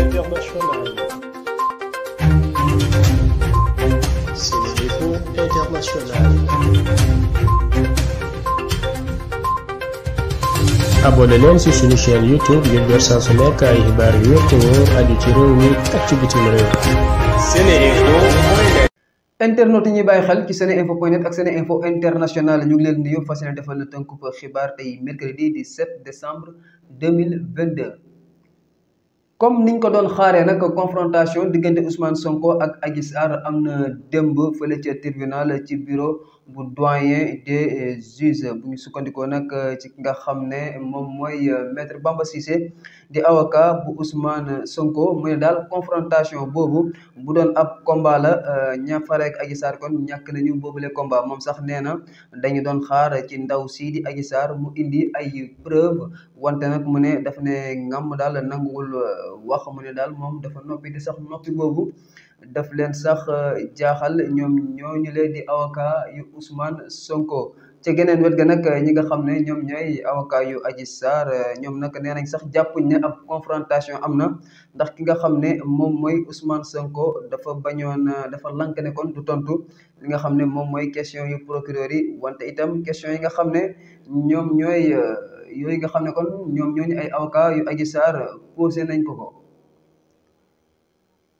internationale. C'est l'info internationale. abonné leen ci suñu chaîne YouTube ngir jot saa xibaar yu wér te ci réew mi ak ci bitim réew. Seneinfo. ci seneinfo.net ak seneinfo international ñu ngi leen di nuyu fas yéene defal la tënku xibaar tey mercredi 17 décembre comme niñ ko doon xaaree nag confrontation diggante Ousmane Sonko ak Adji Sarr am na démb fële ca tribunal ci bureau bu doyen des euh, juges bu ñu sukkandikoo nag euh, ci ki nga xam ne moom mooy euh, maître Bamba Cissé di avocat bu Ousmane Sonko mu ne daal confrontation boobu bu doon ab combat la ña fareek Adji Sarr kon ñàkk nañu boobule combat moom sax nee na dañu doon xaar ci ndaw sii di Adji mu indi ay preuve wante nag mu ne daf ne ngam daal nanguwul wax mu ne daal moom dafa noppi di sax noppi boobu daf leen sax eh, jaaxal ñoom ñooñu leen di avocat yu Ousmane Sonko ce geneen wet ga nag eh, ñi nga xam ne ñoom ñooy avocat yu aji Sarr eh, ñoom nag nee nañ sax jàppuñ ne ab confrontation am na ndax ki nga xam ne moom mooy Ousmane Sonko dafa bañoon dafa lank ne kon du tontu li nga xam ne moom mooy question yu procureur yi wante itam question yi nga xam ne ñoom ñooy yooyu nga xam ne kon ñoom ñooñu ay avocat yu aji Sarr posé nañ ko ko.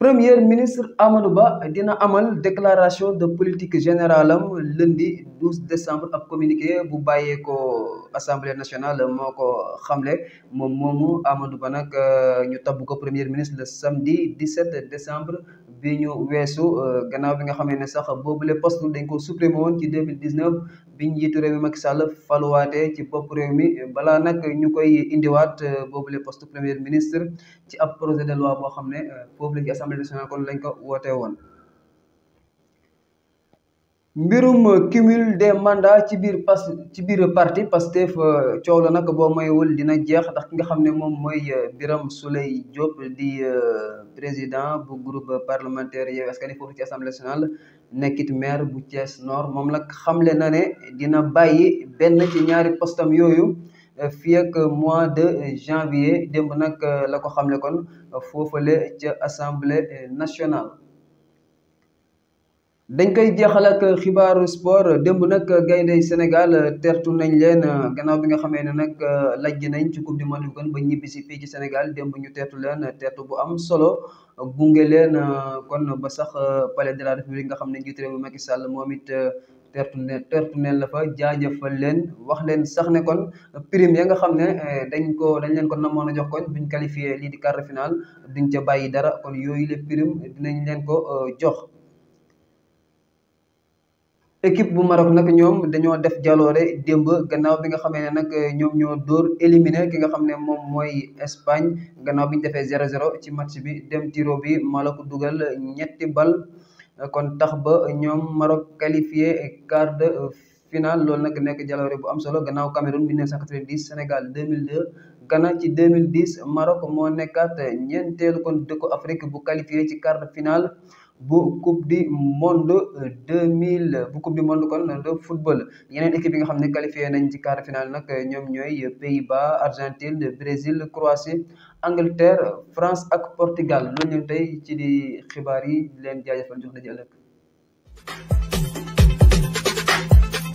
premier ministre Amadou Ba dina amal déclaration de politique générale am lundi 12 décembre ab communiqué bu bàyyee ko assemblée nationale moo ko xamle moom moomu Amadou Ba nag euh, ñu tabb ko premier ministre le samedi 17 décembre. bi ñu weesu euh, gannaaw bi nga xam ne sax boobule poste dañ ko supprimé woon ci deux mille dix neuf bi njiitu réew mi Macky Sall faluwaatee ci bopp réew mi balaa nag ñu koy indiwaat euh, boobule poste premier ministre ci ab projet de loi boo xam ne euh, foofu la ci assemblée nationale kon lañ ko wootee woon. mbirum cumul des mandats ci biir pas ci biir parti parce Pastef euh, coow la nag boo moywul dina jeex ndax ki nga xam ne moom mooy euh, biram Souleye Diop di euh, président bu groupe parlementaire Yewwi Askan Wi foofu ci assemblée nationale nekkit maire bu Thiès Nord moom nag xamle na ne dina bàyyi benn ci ñaari postam yooyu fii ak mois de janvier démb nag la ko xamle kon foofale ca assemblée nationale. dañ koy jeexal xibaaru sport démb nag gaynde Sénégal tertu nañ leen gannaaw bi nga xamee ne nag lajj nañ ci coupe du monde bu gën ba ñibbisi fii ci Sénégal démb ñu tertu leen tertu bu am solo gunge leen kon ba sax palais de la république nga xam ne njiit réew mi Macky Sall moom it tertu ne tertu fa jaajëfal leen wax leen sax ne kon prime ya nga xam ne dañ ko dañ leen ko namoon a jox kon buñ qualifié lii di quart de finale ca bàyyi dara kon yooyu le prime nañ leen ko jox équipe bu Maroc nag ñoom dañoo def jaloore démb gannaaw bi nga xamee ne nag eh, ñoom ñoo door éliminé ki nga xam ne moom mooy Espagne gannaaw bi ñu defee 0-0 ci match bi dem tiro bi Maroc dugal ñetti bal kon tax ba ñoom Maroc qualifié quart de finale loolu nag nekk jaloore bu am solo gannaaw Cameroun 1990 Sénégal 2002. Ghana ci 2010 Maroc moo nekkaat ñeenteelu kon dëkku Afrique bu qualifié ci quart de finale. bu coupe du monde euh, deux mille bu coupe du monde kon de football yeneen équipe yi nga xam ne qualifié nañ ci quart final nag euh, ñoom ñooy Pays-Bas Argentine Brésil Croatie Angleterre France ak Portugal loolu ñu tey ci di xibaar yi leen jaajëfal jox la ci